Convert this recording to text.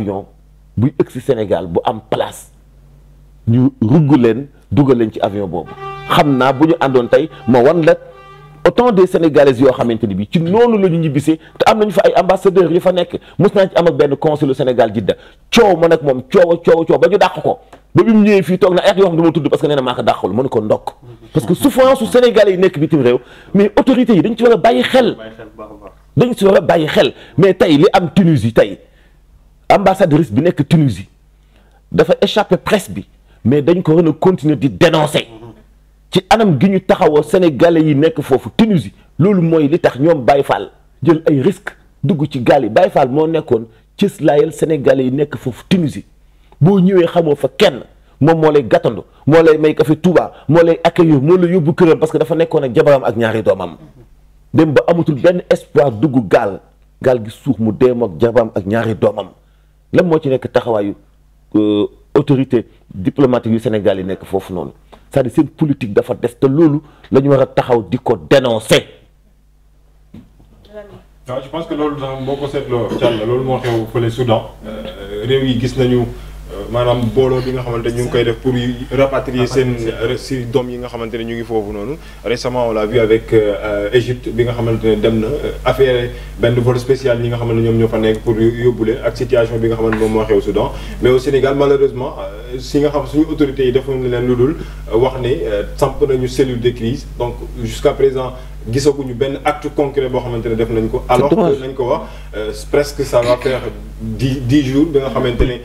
avion buy ëgg si Sénégal bu am place ñu rugg leen dugal leen ci avion boobu xam naa bu ñu àndoon tey ma wan la autant des sénégalais yoo xamante ni bi ci noonu la ñu ñibbisee te am nañu fa ay ambassadeurs yi fa nekk mos naa ci am ak benn conseil consul Sénégal jidda coow ma nag moom coow coow coow ba ñu dàq ko ba bi mu ñëwee fii toog na ay yoo xam ne tudd parce que nee na maa ko dàqul mënu ko ndokk parce que yi nekk bitim réew mais autorités yi dañ ci war a bàyyi xel dañ ci war bàyyi xel mais tey li am Tunisie tey ambassadrice bi nekk Tunisie dafa échappé presse bi mais dañ ko war continuer di dénoncer ci anam gi ñu taxawoo sénégalais yi nekk foofu Tunisie loolu mooy li tax ñoom Baye Fall jël ay risques dugg ci gaal yi Baye Fall moo nekkoon cëslaayal sénégalais yi nekk foofu Tunisie boo ñëwee xamoo fa kenn moom moo lay gàttandu moo lay may café Touba moo lay accueillir moo lay yóbbu këram parce que dafa nekkoon ak jabaram ak ñaari doomam dem ba amatul benn espoir dugg gaal gaal gi suux mu deem ak jabaram ak ñaari doomam. lan moo ci nekk taxawaayu euh, autorité diplomatique yu Sénégal yi nekk foofu noonu cest à seen politique dafa des te loolu la ñu war a taxaw di ko dénoncer. waaw ah, je pense que loolu daal boo ko seetloo Thiam loolu moo xew fële Soudan euh, réew yi gis nañu. maanaam booloo bi nga xamante ñu ngi koy def pour rapatrier xamante ne ñu ngi foofu noonu récemment on l'a avec euh, Égypte bi nga xamante ne dem na euh, affaire benn vol spécial yi nga xamante ne ñoom ñoo fa nekk pour yóbbule ak situation bi nga xamante moom moo xew Soudan mais au Sénégal malheureusement euh, si nga xam suñu autorités yi defuñu leen lu dul wax ni samp nañu cellule de crise donc jusqu'à présent gisaguñu benn acte concret boo xamante ne def nañ ko alors que nañ ko wax presque ça va faire bi xamante ne